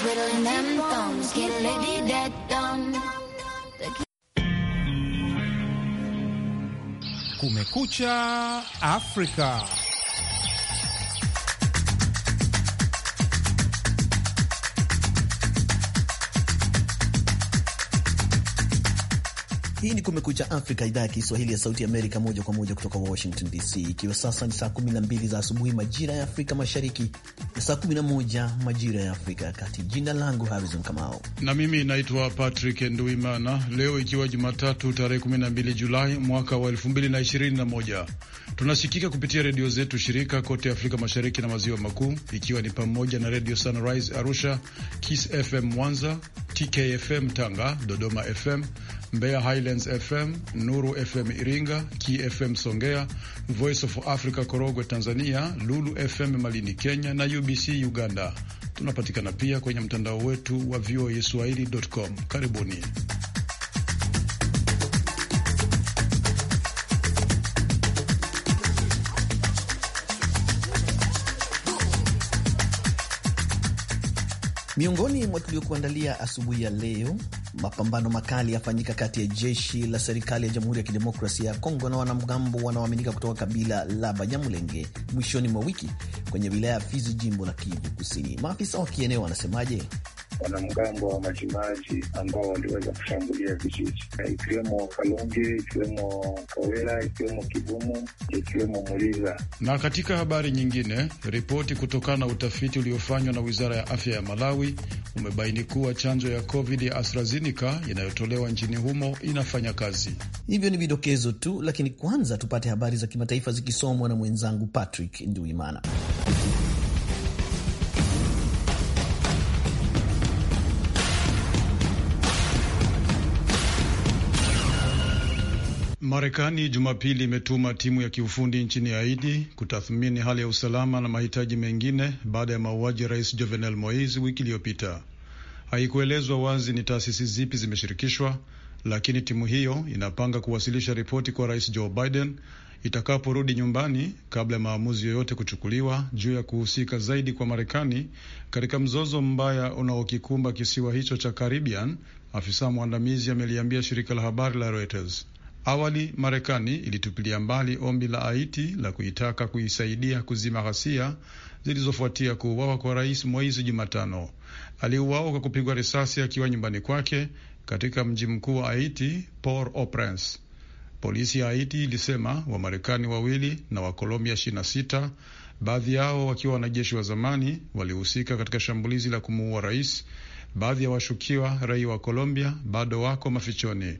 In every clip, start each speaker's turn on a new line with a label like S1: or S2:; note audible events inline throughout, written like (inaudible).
S1: twiddling them thumbs, get lady that dumb.
S2: Kumekucha Afrika.
S3: Hii ni Kumekucha Afrika, idhaa ya Kiswahili ya Sauti Amerika, moja kwa moja kutoka Washington DC, ikiwa sasa ni saa 12 za asubuhi majira ya Afrika Mashariki na saa 11 majira ya Afrika ya Kati. Jina langu Harrison Kamao
S2: na mimi naitwa Patrick Nduimana. Leo ikiwa Jumatatu tarehe 12 Julai mwaka wa 2021, tunasikika kupitia redio zetu shirika kote Afrika Mashariki na Maziwa Makuu, ikiwa ni pamoja na Redio Sunrise Arusha, Kiss FM Mwanza, TKFM Tanga, Dodoma FM, Mbeya Highlands FM, Nuru FM Iringa, KFM Songea, Voice of Africa Korogwe Tanzania, Lulu FM Malini Kenya na UBC Uganda. Tunapatikana pia kwenye mtandao wetu wa swahilicom Karibuni.
S3: Miongoni mwa tuliokuandalia asubuhi ya leo, mapambano makali yafanyika kati ya jeshi la serikali ya Jamhuri ya Kidemokrasia ya Kongo na wanamgambo wanaoaminika kutoka kabila la Banyamulenge mwishoni mwa wiki kwenye wilaya ya Fizi, jimbo la Kivu Kusini. Maafisa wa kieneo wanasemaje?
S2: wanamgambo wa Majimaji ambao waliweza kushambulia vijiji ikiwemo Kalonge, ikiwemo Kawela, ikiwemo kibumu ikiwemo Muliza. Na katika habari nyingine, ripoti kutokana na utafiti uliofanywa na wizara ya afya ya Malawi umebaini kuwa chanjo ya COVID ya AstraZeneca inayotolewa nchini humo inafanya
S3: kazi. Hivyo ni vidokezo tu, lakini kwanza tupate habari za kimataifa zikisomwa na mwenzangu Patrick Nduimana.
S2: Marekani Jumapili imetuma timu ya kiufundi nchini Haiti kutathmini hali ya usalama na mahitaji mengine baada ya mauaji ya Rais Jovenel Moise wiki iliyopita. Haikuelezwa wazi ni taasisi zipi zimeshirikishwa, lakini timu hiyo inapanga kuwasilisha ripoti kwa Rais Joe Biden itakaporudi nyumbani kabla ya maamuzi yoyote kuchukuliwa juu ya kuhusika zaidi kwa Marekani katika mzozo mbaya unaokikumba kisiwa hicho cha Caribbean, afisa mwandamizi ameliambia shirika la habari la Reuters. Awali Marekani ilitupilia mbali ombi la Haiti la kuitaka kuisaidia kuzima ghasia zilizofuatia kuuawa kwa rais Moise Jumatano. Aliuawa kwa kupigwa risasi akiwa nyumbani kwake katika mji mkuu wa Haiti, Port-au-Prince. Polisi ya Haiti ilisema Wamarekani wawili na Wakolombia 26 baadhi yao wakiwa wanajeshi wa zamani walihusika katika shambulizi la kumuua rais. Baadhi ya washukiwa raia wa Colombia bado wako mafichoni.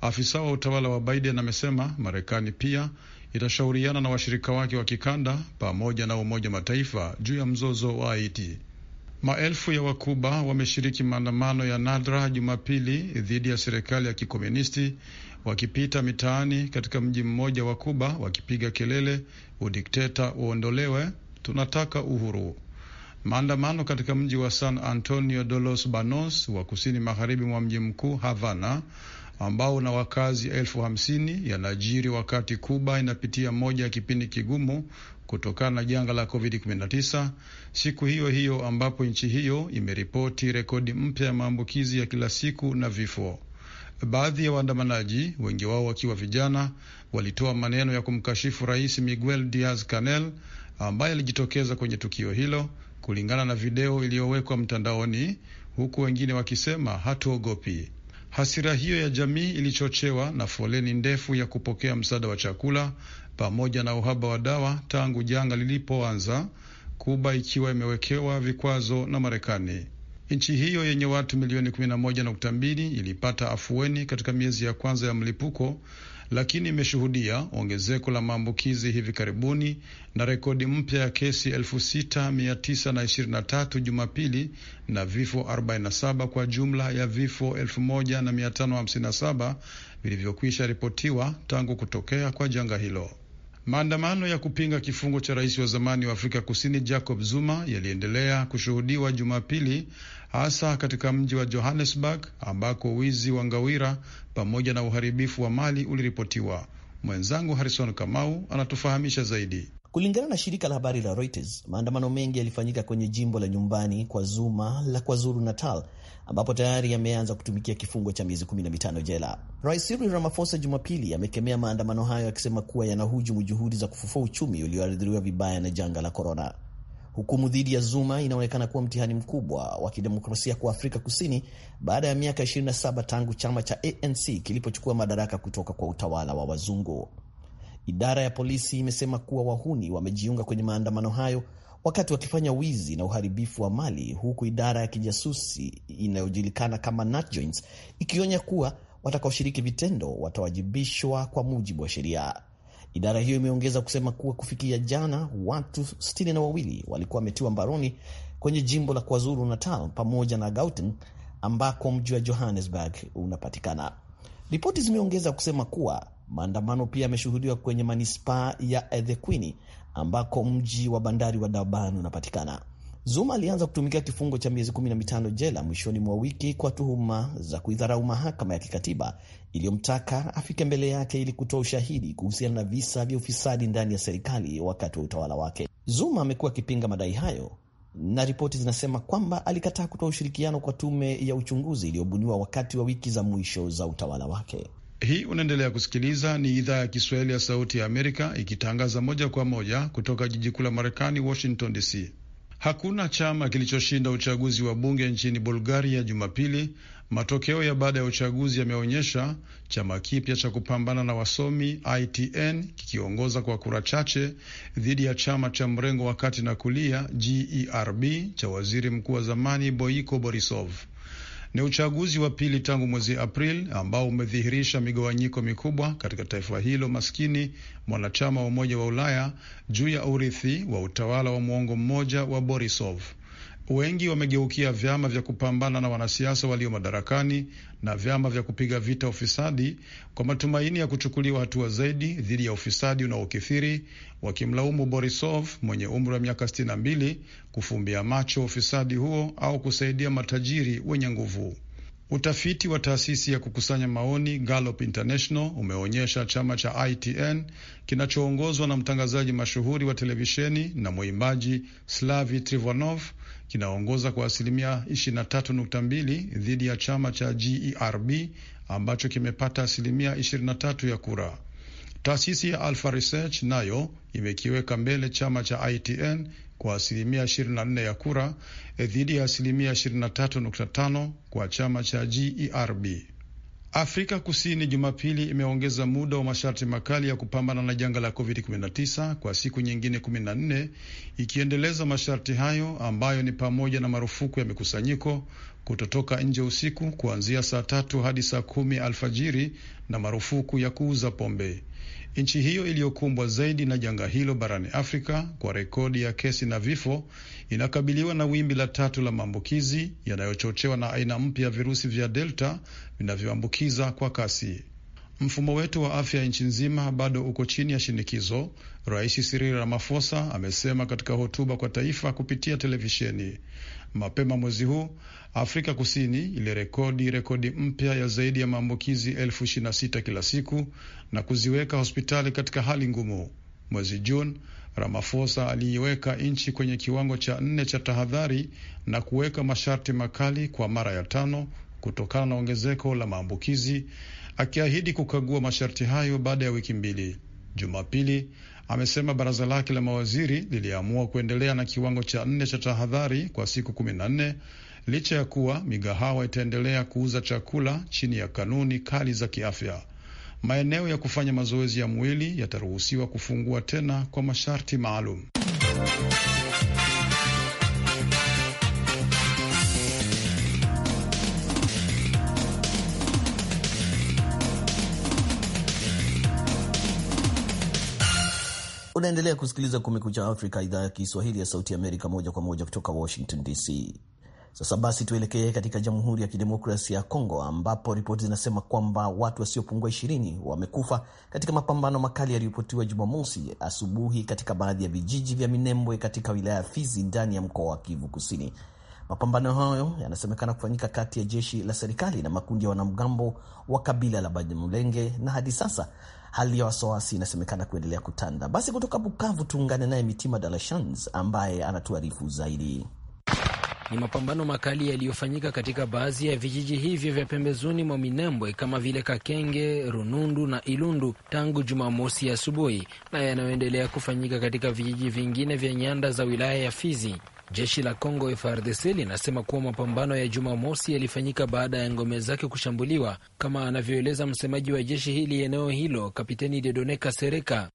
S2: Afisa wa utawala wa Biden amesema Marekani pia itashauriana na washirika wake wa kikanda pamoja na Umoja Mataifa juu ya mzozo wa Haiti. Maelfu ya Wakuba wameshiriki maandamano ya nadra Jumapili dhidi ya serikali ya kikomunisti wakipita mitaani katika mji mmoja wa Kuba wakipiga kelele, udikteta uondolewe, tunataka uhuru. Maandamano katika mji wa San Antonio de los Banos wa kusini magharibi mwa mji mkuu Havana ambao na wakazi elfu hamsini yanajiri wakati Kuba inapitia moja ya kipindi kigumu kutokana na janga la COVID-19, siku hiyo hiyo ambapo nchi hiyo imeripoti rekodi mpya ya maambukizi ya kila siku na vifo. Baadhi ya waandamanaji, wengi wao wakiwa vijana, walitoa maneno ya kumkashifu Rais Miguel Diaz Canel ambaye alijitokeza kwenye tukio hilo, kulingana na video iliyowekwa mtandaoni, huku wengine wakisema hatuogopi. Hasira hiyo ya jamii ilichochewa na foleni ndefu ya kupokea msaada wa chakula pamoja na uhaba wa dawa tangu janga lilipoanza, Kuba ikiwa imewekewa vikwazo na Marekani. Nchi hiyo yenye watu milioni 11.2 ilipata afueni katika miezi ya kwanza ya mlipuko lakini imeshuhudia ongezeko la maambukizi hivi karibuni na rekodi mpya ya kesi 6923 Jumapili na vifo 47 kwa jumla ya vifo 1557 vilivyokwisha ripotiwa tangu kutokea kwa janga hilo. Maandamano ya kupinga kifungo cha rais wa zamani wa Afrika Kusini Jacob Zuma yaliendelea kushuhudiwa Jumapili, hasa katika mji wa Johannesburg ambako wizi wa ngawira pamoja na uharibifu wa mali uliripotiwa. Mwenzangu Harrison Kamau anatufahamisha zaidi. Kulingana
S3: na shirika la habari la Reuters, maandamano mengi yalifanyika kwenye jimbo la nyumbani kwa Zuma la KwaZulu Natal, ambapo tayari yameanza kutumikia kifungo cha miezi 15 jela. Rais Cyril Ramaphosa Jumapili amekemea maandamano hayo akisema kuwa yanahujumu juhudi za kufufua uchumi ulioathiriwa vibaya na janga la korona. Hukumu dhidi ya Zuma inaonekana kuwa mtihani mkubwa wa kidemokrasia kwa Afrika Kusini baada ya miaka 27 tangu chama cha ANC kilipochukua madaraka kutoka kwa utawala wa wazungu. Idara ya polisi imesema kuwa wahuni wamejiunga kwenye maandamano hayo wakati wakifanya wizi na uharibifu wa mali, huku idara ya kijasusi inayojulikana kama NatJoins ikionya kuwa watakaoshiriki vitendo watawajibishwa kwa mujibu wa sheria. Idara hiyo imeongeza kusema kuwa kufikia jana watu sitini na wawili walikuwa wametiwa mbaroni kwenye jimbo la KwaZulu Natal pamoja na Gauteng ambako mji wa Johannesburg unapatikana. Ripoti zimeongeza kusema kuwa Maandamano pia yameshuhudiwa kwenye manispaa ya Ethekwini ambako mji wa bandari wa daban unapatikana. Zuma alianza kutumikia kifungo cha miezi 15 jela mwishoni mwa wiki kwa tuhuma za kuidharau mahakama ya kikatiba iliyomtaka afike mbele yake ili kutoa ushahidi kuhusiana na visa vya ufisadi ndani ya serikali wakati wa utawala wake. Zuma amekuwa akipinga madai hayo na ripoti zinasema kwamba alikataa kutoa ushirikiano kwa tume ya uchunguzi iliyobuniwa wakati wa wiki za mwisho za utawala wake.
S2: Hii unaendelea kusikiliza ni idhaa ya Kiswahili ya Sauti ya Amerika ikitangaza moja kwa moja kutoka jiji kuu la Marekani, Washington DC. Hakuna chama kilichoshinda uchaguzi wa bunge nchini Bulgaria Jumapili. Matokeo ya baada ya uchaguzi yameonyesha chama kipya cha kupambana na wasomi ITN kikiongoza kwa kura chache dhidi ya chama cha mrengo wa kati na kulia GERB cha waziri mkuu wa zamani Boiko Borisov. Ni uchaguzi wa pili tangu mwezi Aprili ambao umedhihirisha migawanyiko mikubwa katika taifa hilo maskini mwanachama wa Umoja wa Ulaya juu ya urithi wa utawala wa muongo mmoja wa Borisov. Wengi wamegeukia vyama vya kupambana na wanasiasa walio madarakani na vyama vya kupiga vita ufisadi kwa matumaini ya kuchukuliwa hatua zaidi dhidi ya ufisadi unaokithiri, wakimlaumu Borisov mwenye umri wa miaka 62 kufumbia macho ufisadi huo au kusaidia matajiri wenye nguvu. Utafiti wa taasisi ya kukusanya maoni Gallup International umeonyesha chama cha ITN kinachoongozwa na mtangazaji mashuhuri wa televisheni na mwimbaji Slavi Trivanov kinaongoza kwa asilimia 23.2 dhidi ya chama cha GERB ambacho kimepata asilimia 23 ya kura. Taasisi ya Alpha Research nayo imekiweka mbele chama cha ITN kwa asilimia 24 ya kura eh, dhidi ya asilimia 23.5 kwa chama cha GERB. Afrika Kusini Jumapili imeongeza muda wa masharti makali ya kupambana na janga la COVID-19 kwa siku nyingine 14 ikiendeleza masharti hayo ambayo ni pamoja na marufuku ya mikusanyiko, kutotoka nje usiku kuanzia saa tatu hadi saa kumi alfajiri na marufuku ya kuuza pombe. Nchi hiyo iliyokumbwa zaidi na janga hilo barani Afrika kwa rekodi ya kesi na vifo inakabiliwa na wimbi la tatu la maambukizi yanayochochewa na aina mpya ya virusi vya Delta vinavyoambukiza kwa kasi. Mfumo wetu wa afya nchi nzima bado uko chini ya shinikizo, Rais Cyril Ramaphosa amesema katika hotuba kwa taifa kupitia televisheni. Mapema mwezi huu Afrika Kusini ilirekodi rekodi mpya ya zaidi ya maambukizi elfu ishirini na sita kila siku na kuziweka hospitali katika hali ngumu. Mwezi Juni, Ramaphosa aliiweka nchi kwenye kiwango cha nne cha tahadhari na kuweka masharti makali kwa mara ya tano kutokana na ongezeko la maambukizi, akiahidi kukagua masharti hayo baada ya wiki mbili. Jumapili amesema baraza lake la mawaziri liliamua kuendelea na kiwango cha nne cha tahadhari kwa siku kumi na nne licha ya kuwa migahawa itaendelea kuuza chakula chini ya kanuni kali za kiafya. Maeneo ya kufanya mazoezi ya mwili yataruhusiwa kufungua tena kwa masharti maalum.
S3: Unaendelea kusikiliza Kumekucha Afrika, idhaa ya Kiswahili ya Sauti Amerika, moja kwa moja kutoka Washington DC. Sasa basi, tuelekee katika Jamhuri ya Kidemokrasia ya Kongo, ambapo ripoti zinasema kwamba watu wasiopungua ishirini wamekufa katika mapambano makali yaliyoripotiwa Jumamosi asubuhi katika baadhi ya vijiji vya Minembwe katika wilaya ya Fizi ndani ya mkoa wa Kivu Kusini. Mapambano hayo yanasemekana kufanyika kati ya jeshi la serikali na makundi ya wanamgambo wa kabila la Banyamulenge, na hadi sasa Hali ya wasiwasi inasemekana kuendelea kutanda. Basi kutoka Bukavu tuungane naye Mitima De ambaye anatuarifu zaidi.
S1: Ni mapambano makali yaliyofanyika katika baadhi ya vijiji hivyo vya pembezoni mwa Minembwe kama vile Kakenge, Runundu na Ilundu tangu Jumamosi asubuhi na yanayoendelea kufanyika katika vijiji vingine vya nyanda za wilaya ya Fizi. Jeshi la Congo frdc linasema kuwa mapambano ya Jumamosi yalifanyika baada ya ngome zake kushambuliwa, kama anavyoeleza msemaji wa jeshi hili eneo hilo, Kapiteni Dedoneka Sereka.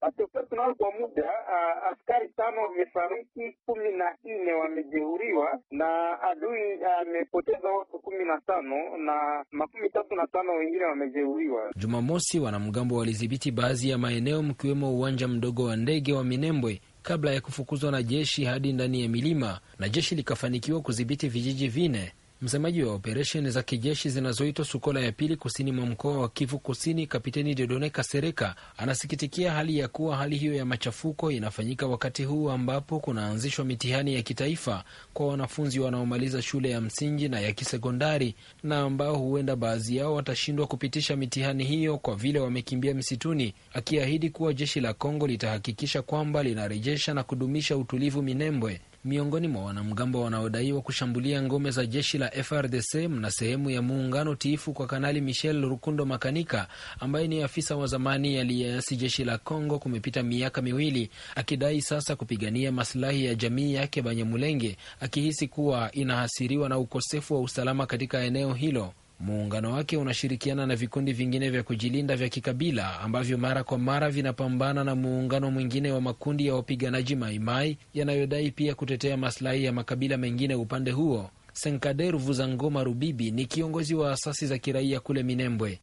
S1: Kwa muda uh, askari tano wamefariki, kumi na nne wamejeruhiwa na adui amepoteza uh, watu kumi na tano na makumi tatu na tano wengine wamejeruhiwa. Jumamosi wanamgambo walidhibiti baadhi ya maeneo mkiwemo uwanja mdogo wa ndege wa Minembwe kabla ya kufukuzwa na jeshi hadi ndani ya milima na jeshi likafanikiwa kudhibiti vijiji vine Msemaji wa operesheni za kijeshi zinazoitwa Sukola ya pili kusini mwa mkoa wa Kivu Kusini, Kapiteni Dodone Kasereka anasikitikia hali ya kuwa hali hiyo ya machafuko inafanyika wakati huu ambapo kunaanzishwa mitihani ya kitaifa kwa wanafunzi wanaomaliza shule ya msingi na ya kisekondari, na ambao huenda baadhi yao watashindwa kupitisha mitihani hiyo kwa vile wamekimbia msituni, akiahidi kuwa jeshi la Kongo litahakikisha kwamba linarejesha na kudumisha utulivu Minembwe miongoni mwa wanamgambo wanaodaiwa kushambulia ngome za jeshi la FRDC na sehemu ya muungano tiifu kwa Kanali Michel Rukundo Makanika, ambaye ni afisa wa zamani aliyeasi jeshi la Congo kumepita miaka miwili, akidai sasa kupigania masilahi ya jamii yake Banyamulenge, akihisi kuwa inahasiriwa na ukosefu wa usalama katika eneo hilo. Muungano wake unashirikiana na vikundi vingine vya kujilinda vya kikabila ambavyo mara kwa mara vinapambana na muungano mwingine wa makundi ya wapiganaji Maimai yanayodai pia kutetea maslahi ya makabila mengine upande huo. Senkader Vuzangoma Rubibi ni kiongozi wa asasi za kiraia kule Minembwe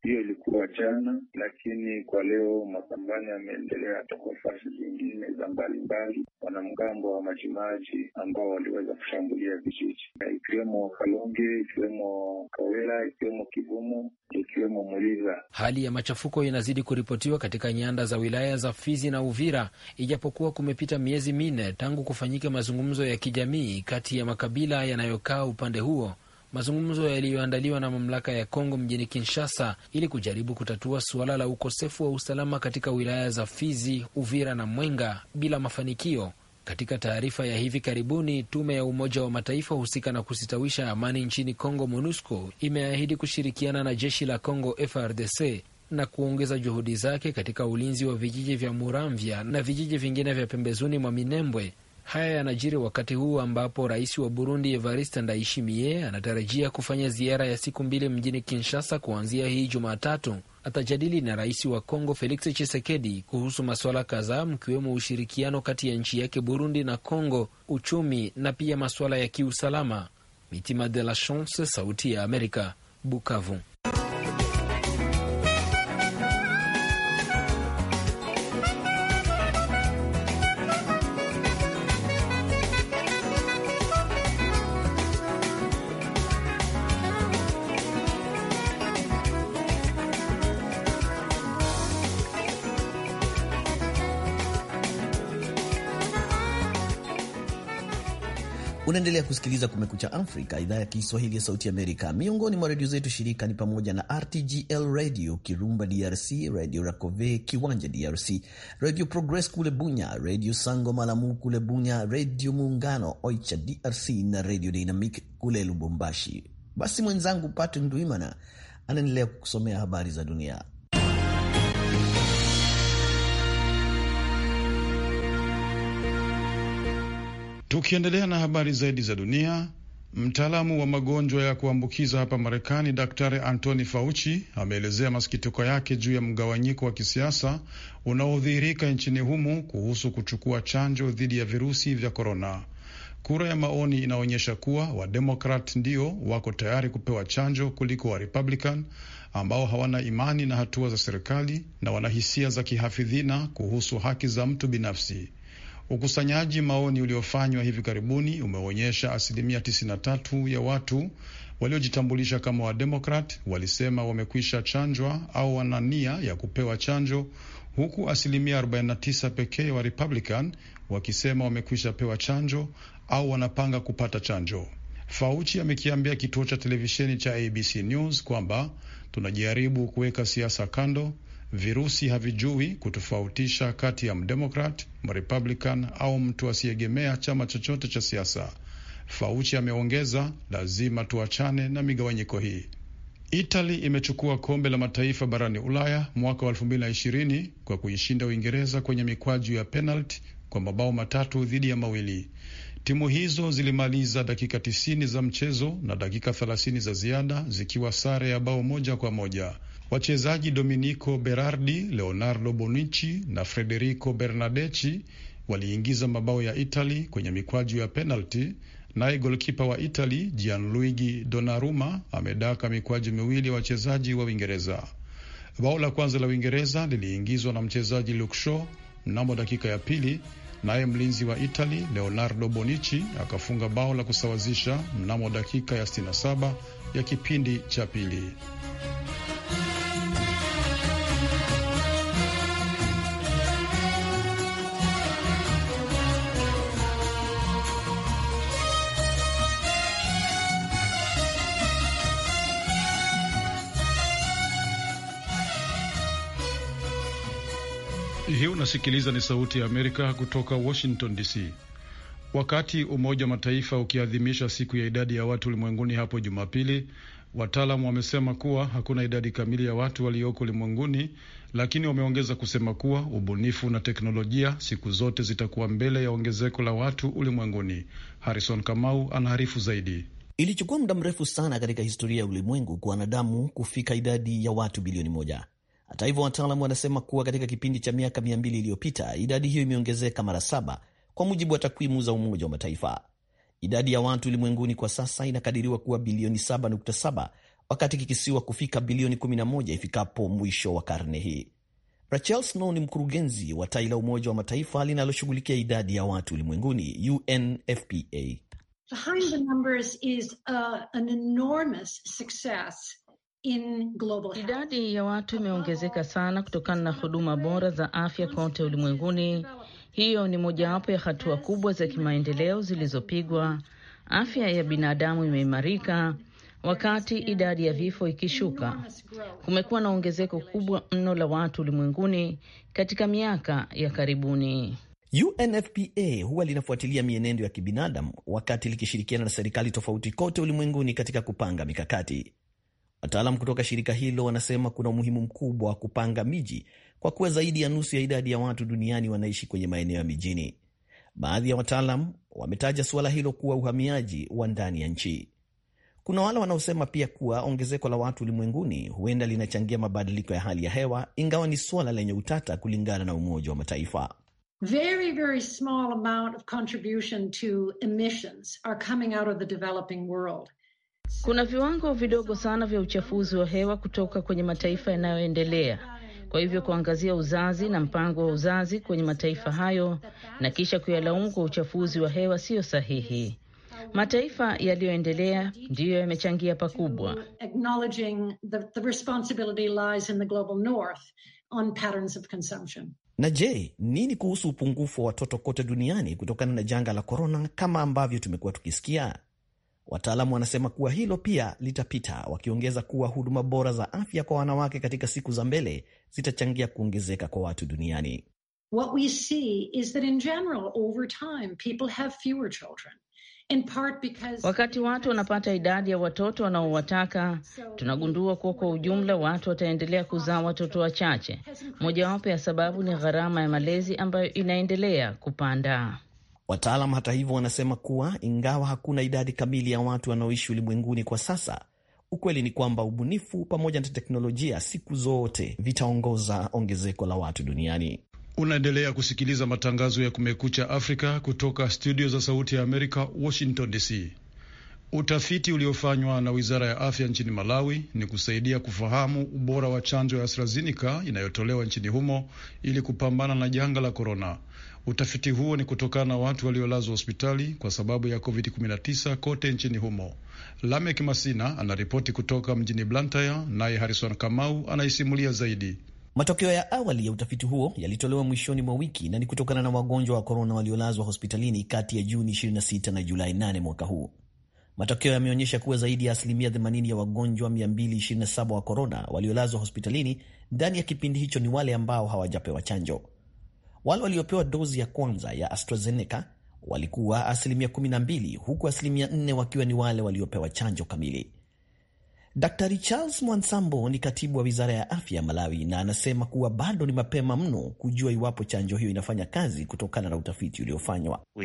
S2: mchana, lakini kwa leo mapambano yameendelea toka fasi zingine za mbalimbali,
S4: wanamgambo wa Majimaji ambao waliweza kushambulia vijiji ikiwemo Kalonge,
S2: ikiwemo Kawela, ikiwemo Kivumo, ikiwemo Muliza.
S1: Hali ya machafuko inazidi kuripotiwa katika nyanda za wilaya za Fizi na Uvira, ijapokuwa kumepita miezi minne tangu kufanyika mazungumzo ya kijamii kati ya makabila yanayokaa upande huo mazungumzo yaliyoandaliwa na mamlaka ya Kongo mjini Kinshasa ili kujaribu kutatua suala la ukosefu wa usalama katika wilaya za Fizi, Uvira na Mwenga bila mafanikio. Katika taarifa ya hivi karibuni, tume ya Umoja wa Mataifa husika na kusitawisha amani nchini Kongo, MONUSCO, imeahidi kushirikiana na jeshi la Kongo, FRDC, na kuongeza juhudi zake katika ulinzi wa vijiji vya Muramvya na vijiji vingine vya pembezoni mwa Minembwe Haya yanajiri wakati huu ambapo rais wa Burundi Evariste Ndayishimiye anatarajia kufanya ziara ya siku mbili mjini Kinshasa kuanzia hii Jumatatu. Atajadili na rais wa Kongo Felix Tshisekedi kuhusu masuala kadhaa, mkiwemo ushirikiano kati ya nchi yake Burundi na Kongo, uchumi na pia masuala ya kiusalama. Mitima de la Chance, Sauti ya Amerika, Bukavu.
S3: Unaendelea kusikiliza Kumekucha Afrika, idhaa ya Kiswahili ya Sauti Amerika. Miongoni mwa redio zetu shirika ni pamoja na RTGL Radio Kirumba DRC, Radio Racove Kiwanja DRC, Radio Progress kule Bunya, Radio Sango Malamu kule Bunya, Radio Muungano Oicha DRC na Radio Dynamic kule Lubumbashi. Basi mwenzangu Patrick Ndwimana anaendelea kukusomea habari za dunia.
S2: Tukiendelea na habari zaidi za dunia, mtaalamu wa magonjwa ya kuambukiza hapa Marekani, Daktari Anthony Fauci ameelezea masikitiko yake juu ya mgawanyiko wa kisiasa unaodhihirika nchini humo kuhusu kuchukua chanjo dhidi ya virusi vya korona. Kura ya maoni inaonyesha kuwa Wademokrat ndio wako tayari kupewa chanjo kuliko Warepublican ambao hawana imani na hatua za serikali na wana hisia za kihafidhina kuhusu haki za mtu binafsi. Ukusanyaji maoni uliofanywa hivi karibuni umeonyesha asilimia 93 ya watu waliojitambulisha kama Wademokrat walisema wamekwisha chanjwa au wana nia ya kupewa chanjo huku asilimia 49 pekee wa Republican wakisema wamekwisha pewa chanjo au wanapanga kupata chanjo. Fauci amekiambia kituo cha televisheni cha ABC News kwamba tunajaribu kuweka siasa kando Virusi havijui kutofautisha kati ya mdemokrat, mrepublican au mtu asiyeegemea chama chochote cha siasa. Fauci ameongeza, lazima tuachane na migawanyiko hii. Itali imechukua kombe la mataifa barani Ulaya mwaka wa 2020 kwa kuishinda Uingereza kwenye mikwaju ya penalti kwa mabao matatu dhidi ya mawili. Timu hizo zilimaliza dakika 90 za mchezo na dakika 30 za ziada zikiwa sare ya bao moja kwa moja. Wachezaji dominico Berardi, Leonardo Bonucci na Federico bernadechi waliingiza mabao ya Itali kwenye mikwaju ya penalti, naye golkipa wa Itali Gianluigi Donnarumma amedaka mikwaju miwili ya wachezaji wa Uingereza. Bao la kwanza la Uingereza liliingizwa na mchezaji Luke Shaw mnamo dakika ya pili, naye mlinzi wa Itali Leonardo Bonucci akafunga bao la kusawazisha mnamo dakika ya 67 ya kipindi cha pili. Hii unasikiliza ni Sauti ya Amerika kutoka Washington DC. Wakati Umoja wa Mataifa ukiadhimisha siku ya idadi ya watu ulimwenguni hapo Jumapili, wataalamu wamesema kuwa hakuna idadi kamili ya watu walioko ulimwenguni, lakini wameongeza kusema kuwa ubunifu na teknolojia siku zote zitakuwa mbele ya ongezeko la watu ulimwenguni. Harrison Kamau anaarifu zaidi. Ilichukua muda mrefu sana
S3: katika historia ya ulimwengu kwa wanadamu kufika idadi ya watu bilioni moja. Hata hivyo, wataalamu wanasema kuwa katika kipindi cha miaka mia mbili iliyopita idadi hiyo imeongezeka mara saba kwa mujibu wa takwimu za Umoja wa Mataifa. Idadi ya watu ulimwenguni kwa sasa inakadiriwa kuwa bilioni 7.7 wakati ikikisiwa kufika bilioni 11 ifikapo mwisho wa karne hii. Rachel Snow ni mkurugenzi wa tai la Umoja wa Mataifa linaloshughulikia idadi ya watu ulimwenguni, UNFPA.
S5: Idadi ya watu imeongezeka sana kutokana na huduma bora za afya kote ulimwenguni. Hiyo ni mojawapo ya hatua kubwa za kimaendeleo zilizopigwa. Afya ya binadamu imeimarika wakati idadi ya vifo ikishuka. Kumekuwa na ongezeko kubwa mno la watu ulimwenguni katika miaka ya karibuni. UNFPA huwa
S3: linafuatilia mienendo ya kibinadamu wakati likishirikiana na serikali tofauti kote ulimwenguni katika kupanga mikakati. Wataalam kutoka shirika hilo wanasema kuna umuhimu mkubwa wa kupanga miji kwa kuwa zaidi ya nusu ya idadi ya watu duniani wanaishi kwenye maeneo ya mijini. Baadhi ya wataalam wametaja suala hilo kuwa uhamiaji wa ndani ya nchi. Kuna wale wanaosema pia kuwa ongezeko la watu ulimwenguni huenda linachangia mabadiliko ya hali ya hewa, ingawa ni suala lenye utata, kulingana na Umoja wa Mataifa.
S2: Very, very small amount of contribution to emissions are coming out of the developing world.
S5: Kuna viwango vidogo sana vya uchafuzi wa hewa kutoka kwenye mataifa yanayoendelea. Kwa hivyo kuangazia uzazi na mpango wa uzazi kwenye mataifa hayo na kisha kuyalaumu kwa uchafuzi wa hewa siyo sahihi. Mataifa yaliyoendelea ndiyo yamechangia pakubwa.
S3: Na je, nini kuhusu upungufu wa watoto kote duniani kutokana na janga la korona, kama ambavyo tumekuwa tukisikia? Wataalamu wanasema kuwa hilo pia litapita, wakiongeza kuwa huduma bora za afya kwa wanawake katika siku za mbele zitachangia kuongezeka kwa watu duniani.
S2: What we see is that in general, over time, people have fewer children. In part because...
S5: wakati watu wanapata idadi ya watoto wanaowataka, tunagundua kuwa kwa ujumla watu wataendelea kuzaa watoto wachache. Mojawapo ya sababu ni gharama ya malezi ambayo inaendelea kupanda.
S3: Wataalam hata hivyo wanasema kuwa ingawa hakuna idadi kamili ya watu wanaoishi ulimwenguni kwa sasa, ukweli ni kwamba ubunifu pamoja na teknolojia siku zote vitaongoza ongezeko la watu duniani.
S2: Unaendelea kusikiliza matangazo ya Kumekucha Afrika kutoka studio za Sauti ya Amerika, Washington DC. Utafiti uliofanywa na wizara ya afya nchini Malawi ni kusaidia kufahamu ubora wa chanjo ya AstraZeneca inayotolewa nchini humo ili kupambana na janga la korona. Utafiti huo ni kutokana na watu waliolazwa hospitali kwa sababu ya COVID-19 kote nchini humo. Lamek Masina anaripoti kutoka mjini Blantyre, naye Harrison Kamau anaisimulia zaidi. Matokeo
S3: ya awali ya utafiti huo yalitolewa mwishoni mwa wiki na ni kutokana na wagonjwa wa korona waliolazwa hospitalini kati ya Juni 26 na Julai 8 mwaka huu. Matokeo yameonyesha kuwa zaidi ya asilimia 80 ya wagonjwa 227 wa korona waliolazwa hospitalini ndani ya kipindi hicho ni wale ambao hawajapewa chanjo. Wale waliopewa dozi ya kwanza ya AstraZeneca walikuwa asilimia 12 huku asilimia 4 wakiwa ni wale waliopewa chanjo kamili. dr Charles Mwansambo ni katibu wa wizara ya afya ya Malawi na anasema kuwa bado ni mapema mno kujua iwapo chanjo hiyo inafanya kazi kutokana na utafiti uliofanywa.
S4: Uh,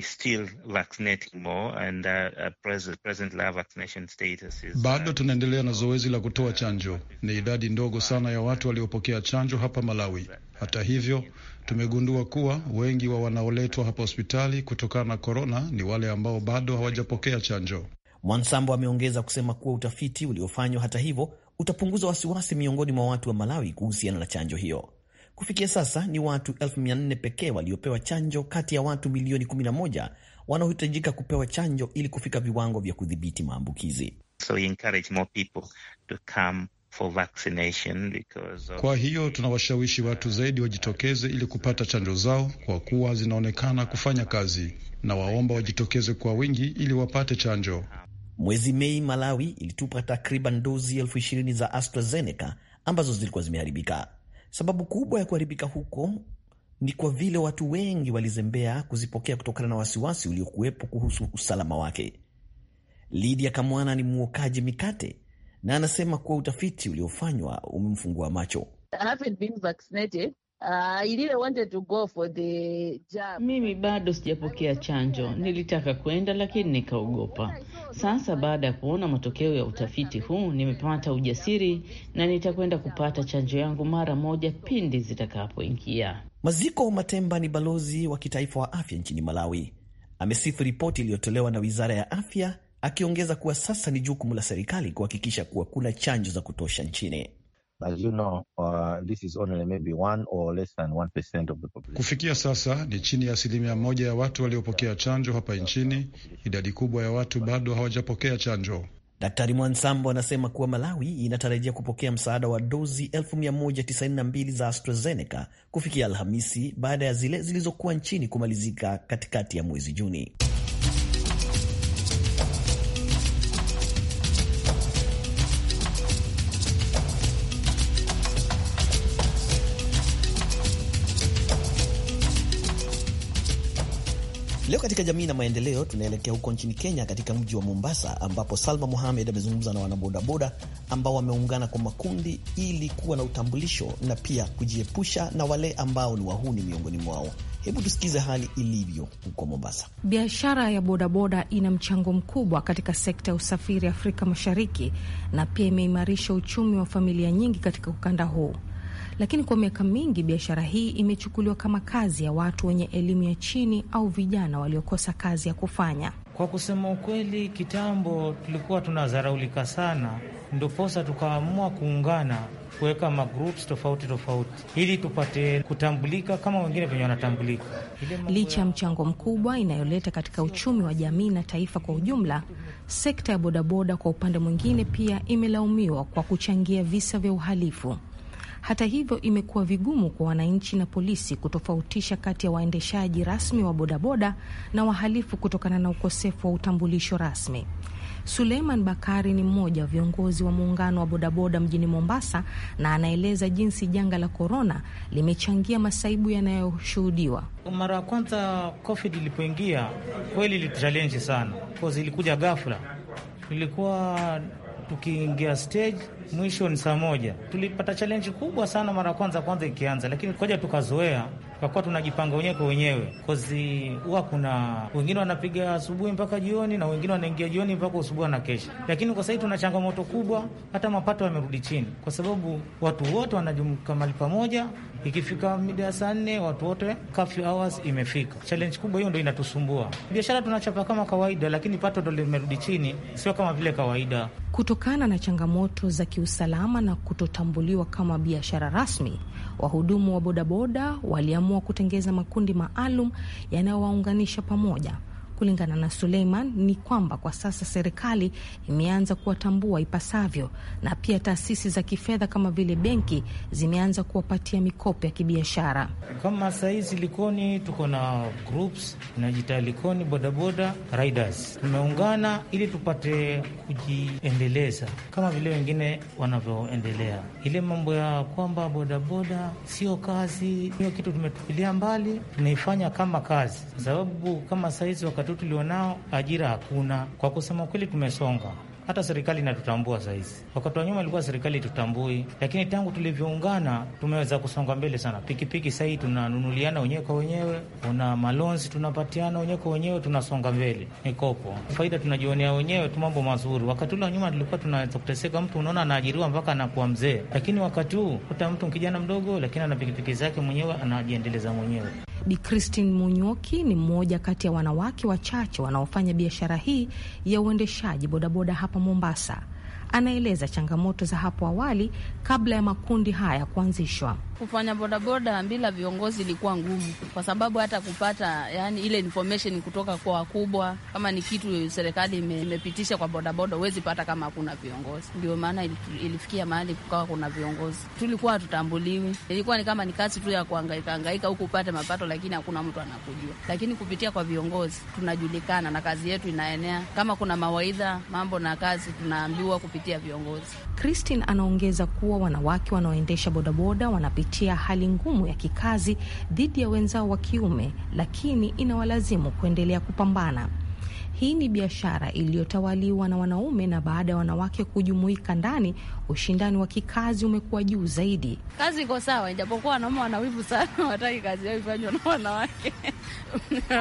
S4: uh,
S2: bado uh, tunaendelea na zoezi la kutoa chanjo. Ni idadi ndogo sana ya watu waliopokea chanjo hapa Malawi. Hata hivyo, Tumegundua kuwa wengi wa wanaoletwa hapa hospitali kutokana na korona ni wale ambao bado hawajapokea chanjo. Mwansambo ameongeza kusema kuwa utafiti
S3: uliofanywa hata hivyo utapunguza wasiwasi miongoni mwa watu wa Malawi kuhusiana na chanjo hiyo. Kufikia sasa ni watu 4 pekee waliopewa chanjo kati ya watu milioni 11 wanaohitajika kupewa chanjo ili kufika viwango vya kudhibiti maambukizi.
S4: So for vaccination because of...
S2: Kwa hiyo tunawashawishi uh, watu zaidi wajitokeze ili kupata chanjo zao kwa kuwa zinaonekana kufanya kazi, na waomba wajitokeze kwa wingi ili wapate chanjo. Mwezi Mei, Malawi ilitupa
S3: takriban dozi elfu ishirini za AstraZeneca ambazo zilikuwa zimeharibika. Sababu kubwa ya kuharibika huko ni kwa vile watu wengi walizembea kuzipokea kutokana na wasiwasi uliokuwepo kuhusu usalama wake. Lidia Kamwana ni mwokaji mikate na anasema kuwa utafiti uliofanywa umemfungua macho.
S5: Uh, Mimi bado sijapokea chanjo. Nilitaka kwenda lakini nikaogopa. Sasa baada ya kuona matokeo ya utafiti huu nimepata ujasiri na nitakwenda kupata chanjo yangu mara moja pindi zitakapoingia.
S3: Maziko Matemba ni balozi wa kitaifa wa afya nchini Malawi. Amesifu ripoti iliyotolewa na Wizara ya Afya akiongeza kuwa sasa ni jukumu la serikali kuhakikisha kuwa kuna chanjo za kutosha nchini. Uh,
S2: kufikia sasa ni chini ya asilimia moja ya watu waliopokea chanjo hapa nchini. Idadi kubwa ya watu bado hawajapokea chanjo. Daktari Mwansambo
S3: anasema kuwa Malawi inatarajia kupokea msaada wa dozi 1192 za AstraZeneca kufikia Alhamisi baada ya zile zilizokuwa nchini kumalizika katikati ya mwezi Juni. Leo katika jamii na maendeleo, tunaelekea huko nchini Kenya, katika mji wa Mombasa, ambapo Salma muhamed amezungumza na wanabodaboda ambao wameungana kwa makundi ili kuwa na utambulisho na pia kujiepusha na wale ambao ni wahuni miongoni mwao. Hebu tusikize hali ilivyo huko Mombasa.
S6: Biashara ya bodaboda ina mchango mkubwa katika sekta ya usafiri Afrika Mashariki na pia imeimarisha uchumi wa familia nyingi katika ukanda huu lakini kwa miaka mingi biashara hii imechukuliwa kama kazi ya watu wenye elimu ya chini au vijana waliokosa kazi ya kufanya.
S4: Kwa kusema ukweli, kitambo tulikuwa tunadharaulika sana, ndoposa tukaamua kuungana kuweka magroups tofauti tofauti ili tupate kutambulika kama wengine venye wanatambulika.
S6: Licha ya mchango mkubwa inayoleta katika uchumi wa jamii na taifa kwa ujumla, sekta ya bodaboda kwa upande mwingine pia imelaumiwa kwa kuchangia visa vya uhalifu. Hata hivyo, imekuwa vigumu kwa wananchi na polisi kutofautisha kati ya waendeshaji rasmi wa bodaboda na wahalifu kutokana na ukosefu wa utambulisho rasmi. Suleiman Bakari ni mmoja wa viongozi wa muungano wa bodaboda mjini Mombasa na anaeleza jinsi janga la korona limechangia masaibu yanayoshuhudiwa.
S4: Mara ya kwanza COVID ilipoingia kweli ilituchalenji sana, ilikuja ghafla, ilikuwa tukiingia stage mwisho ni saa moja. Tulipata challenge kubwa sana mara kwanza kwanza ikianza, lakini koja tukazoea kwa kuwa tunajipanga wenyewe kwa wenyewe, kozi huwa kuna wengine wanapiga asubuhi mpaka jioni na wengine wanaingia jioni mpaka usubuhi na kesha. Lakini kwa sasa tuna changamoto kubwa, hata mapato yamerudi chini, kwa sababu watu wote wanajumuka mali pamoja. Ikifika mida ya saa nne watu wote kafyu hours imefika. Challenge kubwa hiyo ndo inatusumbua. Biashara tunachapa kama kawaida, lakini pato ndo limerudi chini, sio kama vile kawaida.
S6: Kutokana na changamoto za kiusalama na kutotambuliwa kama biashara rasmi, wahudumu wa bodaboda waliamua kuamua kutengeza makundi maalum yanayowaunganisha pamoja Kulingana na Suleiman ni kwamba kwa sasa serikali imeanza kuwatambua ipasavyo na pia taasisi za kifedha kama vile benki zimeanza kuwapatia mikopo ya kibiashara.
S4: Kama sahizi Likoni tuko na groups Likoni bodaboda riders, tumeungana ili tupate kujiendeleza kama vile wengine wanavyoendelea. Ile mambo ya kwamba bodaboda sio kazi, hiyo kitu tumetupilia mbali, tunaifanya kama kazi, kwa sababu kama sahizi wakati tulionao ajira hakuna. Kwa kusema kweli, tumesonga hata serikali inatutambua sahizi. Wakati wa nyuma ilikuwa serikali tutambui, lakini tangu tulivyoungana tumeweza kusonga mbele sana. Pikipiki sahii tunanunuliana wenyewe kwa wenyewe, una malonzi tunapatiana wenyewe kwa wenyewe, tunasonga mbele. Mikopo faida tunajionea wenyewe tu, mambo mazuri. Wakati ule wa nyuma tulikuwa tunaweza kuteseka, mtu unaona anaajiriwa mpaka anakuwa mzee, lakini wakati huu kuta mtu kijana mdogo, lakini ana pikipiki zake mwenyewe, anajiendeleza mwenyewe.
S6: Bi Christine Munyoki ni mmoja kati ya wanawake wachache wanaofanya biashara hii ya uendeshaji bodaboda hapa hapa Mombasa, anaeleza changamoto za hapo awali kabla ya makundi haya kuanzishwa.
S5: Kufanya bodaboda bila viongozi ilikuwa ngumu, kwa sababu hata kupata yani ile information kutoka kwa wakubwa, kama ni kitu serikali imepitisha kwa bodaboda, huwezi pata kama hakuna viongozi. Ndio maana ilifikia mahali kukawa kuna viongozi, tulikuwa hatutambuliwi. Ilikuwa ni kama ni kazi tu ya kuhangaika huku upate mapato, lakini hakuna mtu anakujua. Lakini kupitia kwa viongozi tunajulikana na kazi yetu inaenea. Kama kuna mawaidha, mambo na kazi, tunaambiwa kupitia viongozi.
S6: Christine anaongeza kuwa wanawake wanaoendesha bodaboda wana wanapitia hali ngumu ya kikazi dhidi ya wenzao wa kiume, lakini inawalazimu kuendelea kupambana. Hii ni biashara iliyotawaliwa na wanaume, na baada ya wanawake kujumuika ndani, ushindani wa kikazi umekuwa juu zaidi.
S5: Kazi iko sawa, ijapokuwa wanaume wanawivu sana, (laughs) hawataki kazi yao ifanywe na wanawake (laughs)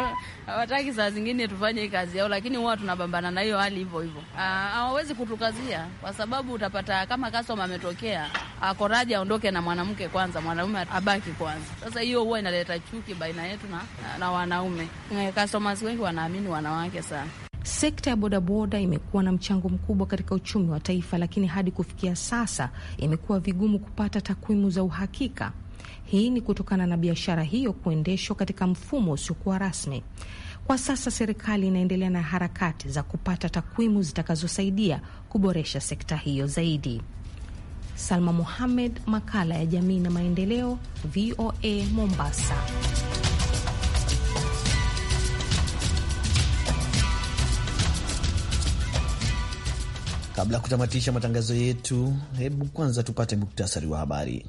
S5: hawataki saa zingine tufanye kazi yao, lakini huwa tunapambana na hiyo hali hivyo hivyo. Ah, hawawezi kutukazia kwa sababu utapata kama customer ametokea akoraji aondoke na mwanamke kwanza, mwanaume abaki kwanza. Sasa hiyo huwa inaleta chuki baina yetu na, na wanaume. Eh, customers wengi wanaamini wanawake sana.
S6: Sekta ya bodaboda imekuwa na mchango mkubwa katika uchumi wa taifa, lakini hadi kufikia sasa imekuwa vigumu kupata takwimu za uhakika. Hii ni kutokana na biashara hiyo kuendeshwa katika mfumo usiokuwa rasmi. Kwa sasa serikali inaendelea na harakati za kupata takwimu zitakazosaidia kuboresha sekta hiyo zaidi. Salma Mohamed, makala ya jamii na maendeleo, VOA Mombasa.
S3: Kabla ya kutamatisha matangazo yetu, hebu kwanza tupate muktasari wa habari.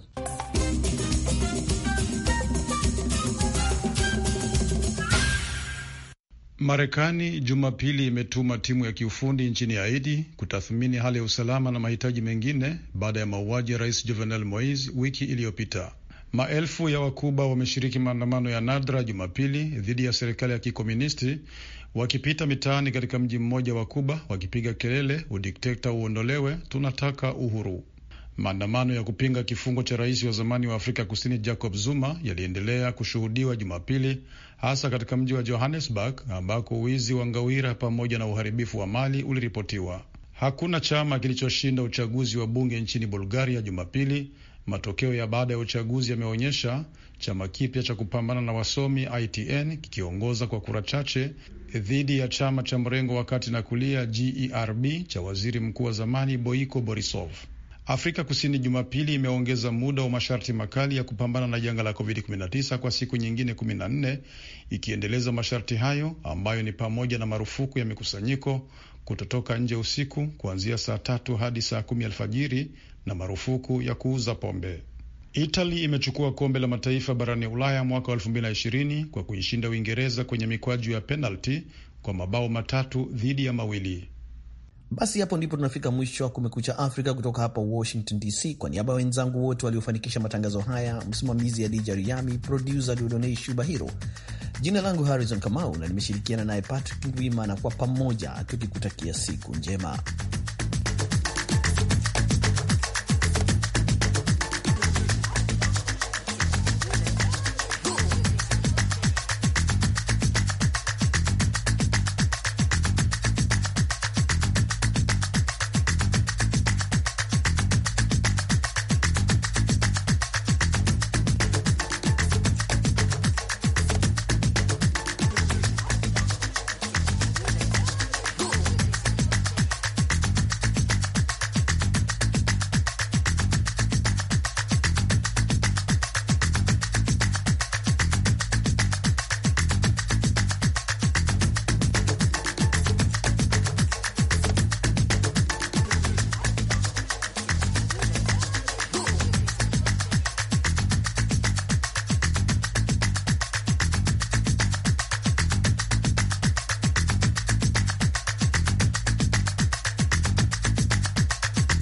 S2: Marekani Jumapili imetuma timu ya kiufundi nchini Haiti kutathmini hali ya usalama na mahitaji mengine baada ya mauaji ya rais Jovenel Moise wiki iliyopita. Maelfu ya Wakuba wameshiriki maandamano ya nadra Jumapili dhidi ya serikali ya kikomunisti wakipita mitaani katika mji mmoja wa Kuba wakipiga kelele, udikteta uondolewe, tunataka uhuru. Maandamano ya kupinga kifungo cha rais wa zamani wa Afrika Kusini Jacob Zuma yaliendelea kushuhudiwa Jumapili, hasa katika mji wa Johannesburg ambako wizi wa ngawira pamoja na uharibifu wa mali uliripotiwa. Hakuna chama kilichoshinda uchaguzi wa bunge nchini Bulgaria Jumapili. Matokeo ya baada ya uchaguzi yameonyesha chama kipya cha kupambana na wasomi ITN kikiongoza kwa kura chache dhidi ya chama cha mrengo wa kati na kulia GERB cha waziri mkuu wa zamani Boiko Borisov. Afrika Kusini Jumapili imeongeza muda wa masharti makali ya kupambana na janga la COVID-19 kwa siku nyingine 14 ikiendeleza masharti hayo ambayo ni pamoja na marufuku ya mikusanyiko, kutotoka nje usiku kuanzia saa tatu hadi saa kumi alfajiri na marufuku ya kuuza pombe. Itali imechukua kombe la mataifa barani Ulaya mwaka wa 220 kwa kuishinda Uingereza kwenye mikwaju ya penalti kwa mabao matatu dhidi ya mawili. Basi hapo ndipo tunafika mwisho wa Kumekucha
S3: Afrika kutoka hapa Washington DC. Kwa niaba ya wenzangu wote waliofanikisha matangazo haya, msimamizi Adija Riami, produsa Dodonei Shubahiro, jina langu Harrison Kamau na nimeshirikiana naye Patrick Ngwima, na kwa pamoja tukikutakia siku njema.